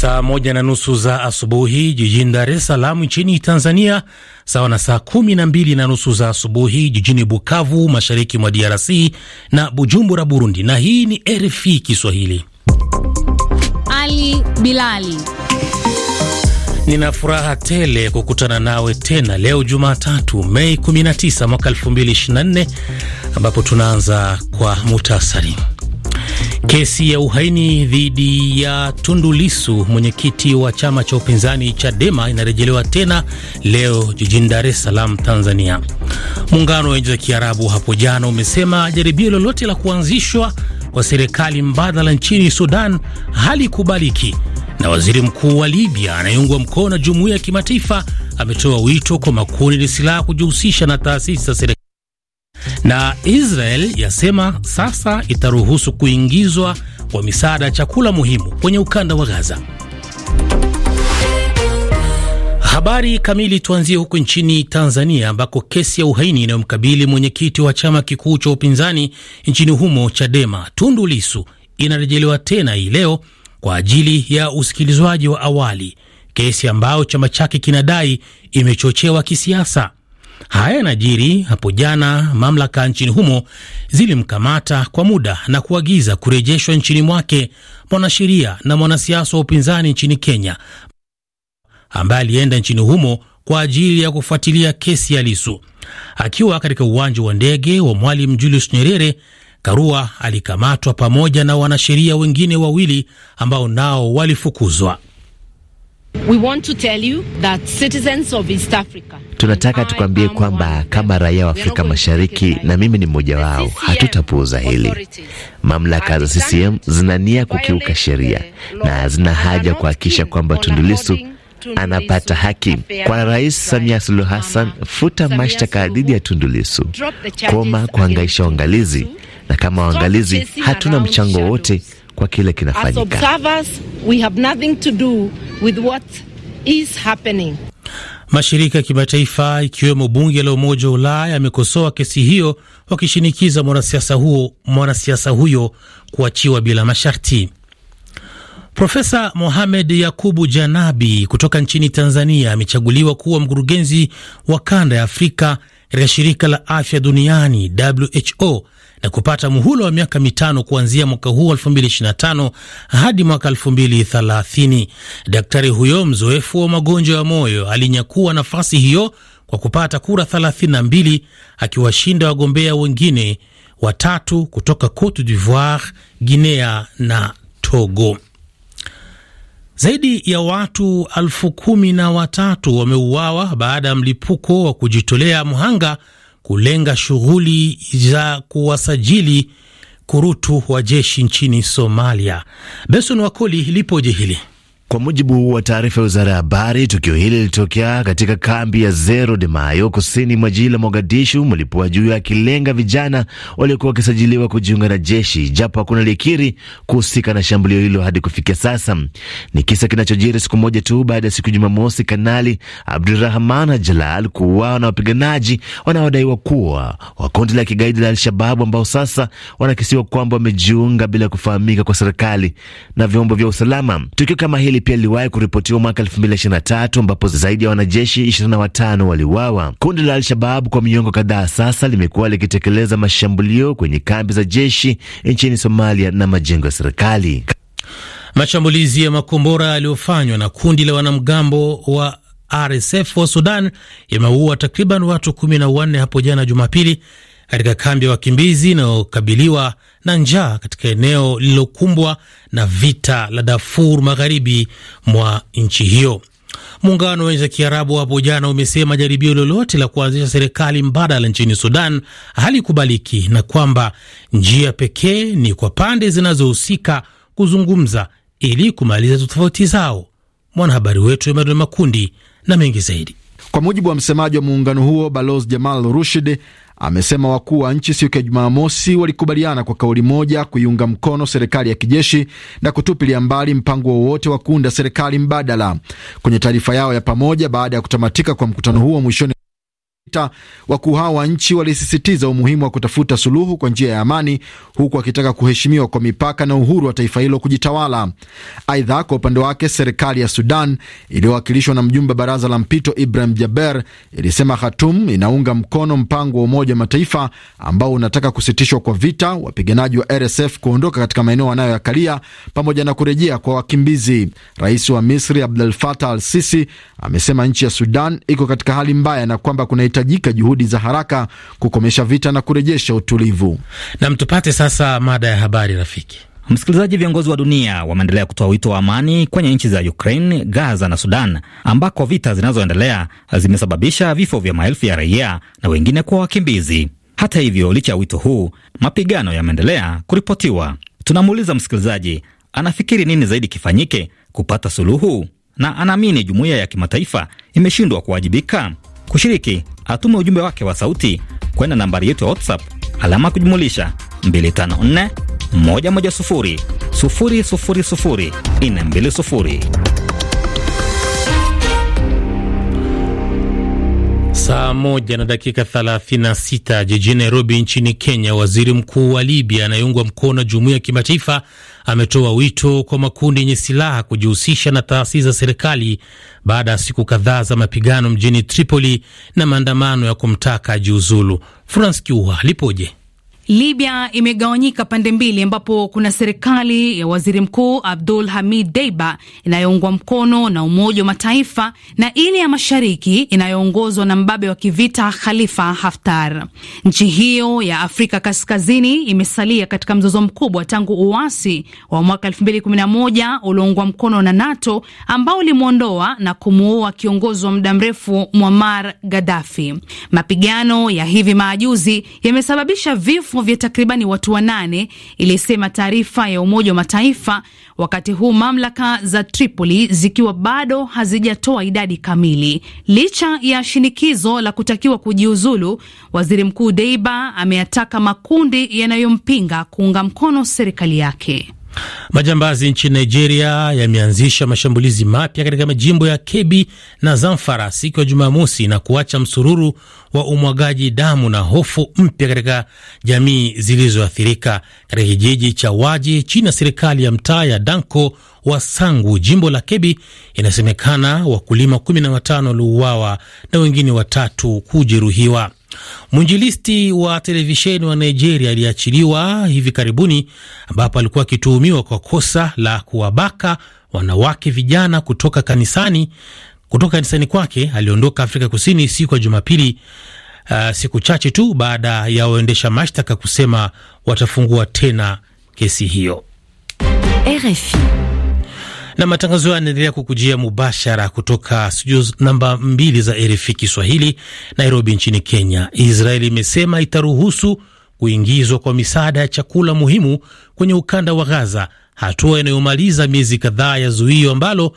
Saa moja na nusu za asubuhi jijini Dar es Salaam nchini Tanzania, sawa na saa kumi na mbili na nusu za asubuhi jijini Bukavu, mashariki mwa DRC na Bujumbura, Burundi. Na hii ni RFI Kiswahili. Ali Bilali, nina furaha tele kukutana nawe tena leo Jumatatu, Mei 19 mwaka 2024, ambapo tunaanza kwa muhtasari Kesi ya uhaini dhidi ya Tundu Lisu, mwenyekiti wa chama cha upinzani Chadema, inarejelewa tena leo jijini Dar es Salaam, Tanzania. Muungano wa nchi za Kiarabu hapo jana umesema jaribio lolote la kuanzishwa kwa serikali mbadala nchini Sudan halikubaliki, na waziri mkuu wa Libya anayeungwa mkono na jumuiya ya kimataifa ametoa wito kwa makundi yenye silaha kujihusisha na taasisi za serikali na Israel yasema sasa itaruhusu kuingizwa kwa misaada ya chakula muhimu kwenye ukanda wa Gaza. Habari kamili tuanzie huko nchini Tanzania ambako kesi ya uhaini inayomkabili mwenyekiti wa chama kikuu cha upinzani nchini humo Chadema Tundu Lisu inarejelewa tena hii leo kwa ajili ya usikilizwaji wa awali, kesi ambayo chama chake kinadai imechochewa kisiasa. Haya yanajiri hapo jana, mamlaka nchini humo zilimkamata kwa muda na kuagiza kurejeshwa nchini mwake mwanasheria na mwanasiasa wa upinzani nchini Kenya ambaye alienda nchini humo kwa ajili ya kufuatilia kesi ya Lisu. Akiwa katika uwanja wa ndege wa Mwalimu Julius Nyerere, Karua alikamatwa pamoja na wanasheria wengine wawili ambao nao walifukuzwa. We want to tell you that citizens of East Africa tunataka tukwambie kwamba kama raia wa Afrika Mashariki, na mimi ni mmoja wao, hatutapuuza hili. Mamlaka za CCM zina nia kukiuka sheria na zina haja kuhakikisha kwamba Tundu Lissu anapata haki. Kwa Rais Samia Suluhu Hassan, futa mashtaka dhidi ya Tundu Lissu, koma kuhangaisha waangalizi, na kama waangalizi hatuna mchango wote kwa kile kinafanyika. Mashirika ya kimataifa ikiwemo bunge la Umoja wa Ulaya yamekosoa kesi hiyo, wakishinikiza mwanasiasa huo mwanasiasa huyo kuachiwa bila masharti. Profesa Mohamed Yakubu Janabi kutoka nchini Tanzania amechaguliwa kuwa mkurugenzi wa kanda ya Afrika katika shirika la afya duniani WHO na kupata muhula wa miaka mitano kuanzia mwaka huu 2025 hadi mwaka 2030. Daktari huyo mzoefu wa magonjwa ya moyo alinyakua nafasi hiyo kwa kupata kura 32 akiwashinda wagombea wengine watatu kutoka Cote d'Ivoire, Guinea na Togo. Zaidi ya watu elfu kumi na watatu wameuawa baada ya mlipuko wa kujitolea mhanga kulenga shughuli za kuwasajili kurutu wa jeshi nchini Somalia. Benson Wakoli, lipoje hili? Kwa mujibu wa taarifa ya wizara ya habari, tukio hili lilitokea katika kambi ya Zero de Mayo kusini mwa jiji la Mogadishu, mlipuaji huyo akilenga vijana waliokuwa wakisajiliwa kujiunga na jeshi, japo hakuna likiri kuhusika na shambulio hilo hadi kufikia sasa. Ni kisa kinachojiri siku moja tu baada ya siku Jumamosi Kanali Abdurahman Jalal kuuawa na wapiganaji wanaodaiwa kuwa wa kundi la kigaidi la alshababu ambao sasa wanakisiwa kwamba wamejiunga bila kufahamika kwa serikali na vyombo vya usalama. Tukio kama hili hili pia liliwahi kuripotiwa mwaka 2023 ambapo zaidi ya wanajeshi 25 waliuawa. Kundi la Al-Shabab kwa miongo kadhaa sasa limekuwa likitekeleza mashambulio kwenye kambi za jeshi nchini Somalia na majengo ya serikali. Mashambulizi ya makombora yaliyofanywa na kundi la wanamgambo wa RSF wa Sudan yameua takriban watu kumi na wanne hapo jana Jumapili katika kambi ya wakimbizi inayokabiliwa na njaa katika eneo lililokumbwa na vita la Darfur magharibi mwa nchi hiyo. Muungano wa nchi za Kiarabu hapo jana umesema jaribio lolote la kuanzisha serikali mbadala nchini Sudan halikubaliki na kwamba njia pekee ni kwa pande zinazohusika kuzungumza ili kumaliza tofauti zao. Mwanahabari wetu Emmanuel Makundi na mengi zaidi. Kwa mujibu wa msemaji wa muungano huo Balozi Jamal Rushid, amesema wakuu wa nchi siku ya Jumamosi walikubaliana kwa kauli moja kuiunga mkono serikali ya kijeshi na kutupilia mbali mpango wowote wa kuunda serikali mbadala. Kwenye taarifa yao ya pamoja baada ya kutamatika kwa mkutano huo mwishoni Wakuu hao wa nchi walisisitiza umuhimu wa kutafuta suluhu kwa njia ya amani, huku wakitaka kuheshimiwa kwa mipaka na uhuru wa taifa hilo kujitawala. Aidha, kwa upande wake, serikali ya Sudan iliyowakilishwa na mjumbe baraza la mpito Ibrahim Jaber ilisema Khartoum inaunga mkono mpango wa Umoja wa Mataifa ambao unataka kusitishwa kwa vita, wapiganaji wa RSF kuondoka katika maeneo wanayoyakalia pamoja na kurejea kwa wakimbizi. Rais wa Misri Abdel Fattah al Sisi amesema nchi ya Sudan iko katika hali mbaya na kwamba kuna kunahitajika juhudi za haraka kukomesha vita na kurejesha utulivu. Na mtupate sasa mada ya habari rafiki. Msikilizaji, viongozi wa dunia wameendelea kutoa wito wa amani kwenye nchi za Ukraine, Gaza na Sudan, ambako vita zinazoendelea zimesababisha vifo vya maelfu ya raia na wengine kuwa wakimbizi. Hata hivyo, licha ya wito huu, mapigano yameendelea kuripotiwa. Tunamuuliza msikilizaji anafikiri nini zaidi kifanyike kupata suluhu, na anaamini jumuiya ya kimataifa imeshindwa kuwajibika. Kushiriki, atume ujumbe wake wa sauti kwenda nambari yetu ya WhatsApp alama kujumulisha 254 110 000 420. Saa moja na dakika 36 jijini Nairobi nchini Kenya, waziri mkuu wa Libya anayeungwa mkono na jumuiya ya kimataifa ametoa wito kwa makundi yenye silaha kujihusisha na taasisi za serikali baada ya siku kadhaa za mapigano mjini Tripoli na maandamano ya kumtaka jiuzulu. Franc Kiua lipoje? Libya imegawanyika pande mbili, ambapo kuna serikali ya waziri mkuu Abdul Hamid Deiba inayoungwa mkono na Umoja wa Mataifa na ile ya mashariki inayoongozwa na mbabe wa kivita Khalifa Haftar. Nchi hiyo ya Afrika Kaskazini imesalia katika mzozo mkubwa tangu uasi wa mwaka 2011 ulioungwa mkono na NATO ambao ulimwondoa na kumuua kiongozi wa muda mrefu Muammar Gaddafi. Mapigano ya hivi majuzi yamesababisha vifo vifo vya takribani watu wanane, ilisema taarifa ya Umoja wa Mataifa, wakati huu mamlaka za Tripoli zikiwa bado hazijatoa idadi kamili. Licha ya shinikizo la kutakiwa kujiuzulu, waziri mkuu Deiba ameyataka makundi yanayompinga kuunga mkono serikali yake. Majambazi nchini Nigeria yameanzisha mashambulizi mapya katika majimbo ya kebi na Zamfara siku ya Jumamosi na kuacha msururu wa umwagaji damu na hofu mpya katika jamii zilizoathirika. Katika kijiji cha Waje chini ya serikali ya mtaa ya Danko wa Sangu, jimbo la kebi inasemekana wakulima kumi na watano waliuawa na wengine watatu kujeruhiwa. Mwinjilisti wa televisheni wa Nigeria aliachiliwa hivi karibuni, ambapo alikuwa akituhumiwa kwa kosa la kuwabaka wanawake vijana kutoka kanisani kutoka kanisani kwake. Aliondoka Afrika Kusini siku ya Jumapili, uh, siku chache tu baada ya waendesha mashtaka kusema watafungua tena kesi hiyo. RFI na matangazo hayo yanaendelea kukujia mubashara kutoka studio namba mbili za RFI Kiswahili, Nairobi nchini Kenya. Israeli imesema itaruhusu kuingizwa kwa misaada ya chakula muhimu kwenye ukanda wa Gaza, hatua inayomaliza miezi kadhaa ya zuio ambalo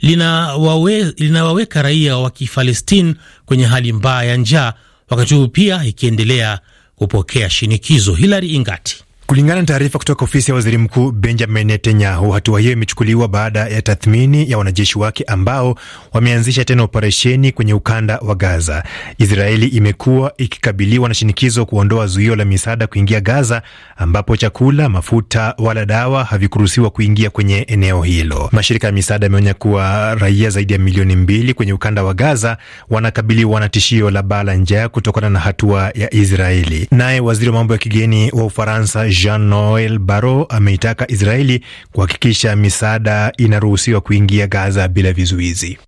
linawaweka linawawe raia wa Kifalestini kwenye hali mbaya ya njaa, wakati huu pia ikiendelea kupokea shinikizo. Hilary Ingati. Kulingana na taarifa kutoka ofisi ya waziri mkuu Benjamin Netanyahu, hatua hiyo imechukuliwa baada ya tathmini ya wanajeshi wake ambao wameanzisha tena operesheni kwenye ukanda wa Gaza. Israeli imekuwa ikikabiliwa na shinikizo kuondoa zuio la misaada kuingia Gaza, ambapo chakula, mafuta wala dawa havikuruhusiwa kuingia kwenye eneo hilo. Mashirika ya misaada yameonya kuwa raia zaidi ya milioni mbili kwenye ukanda wa Gaza wanakabiliwa na tishio la baa la njaa kutokana na hatua ya Israeli. Naye waziri wa mambo ya kigeni wa Ufaransa Jean Noel Baro ameitaka Israeli kuhakikisha misaada inaruhusiwa kuingia Gaza bila vizuizi.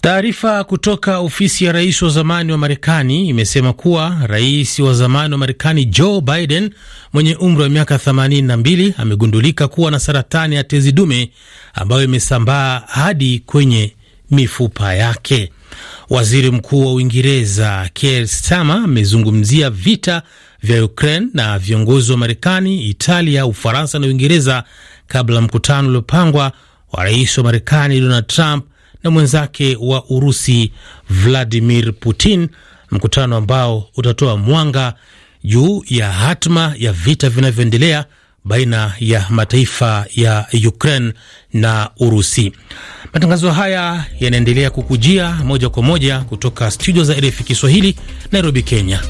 Taarifa kutoka ofisi ya rais wa zamani wa Marekani imesema kuwa rais wa zamani wa Marekani Joe Biden mwenye umri wa miaka 82 amegundulika kuwa na saratani ya tezi dume ambayo imesambaa hadi kwenye mifupa yake. Waziri Mkuu wa Uingereza Keir Starmer amezungumzia vita vya Ukraine na viongozi wa Marekani, Italia, Ufaransa na Uingereza kabla mkutano uliopangwa wa rais wa Marekani Donald Trump na mwenzake wa Urusi Vladimir Putin, mkutano ambao utatoa mwanga juu ya hatma ya vita vinavyoendelea baina ya mataifa ya Ukraine na Urusi. Matangazo haya yanaendelea kukujia moja kwa moja kutoka studio za RFI Kiswahili, Nairobi, Kenya.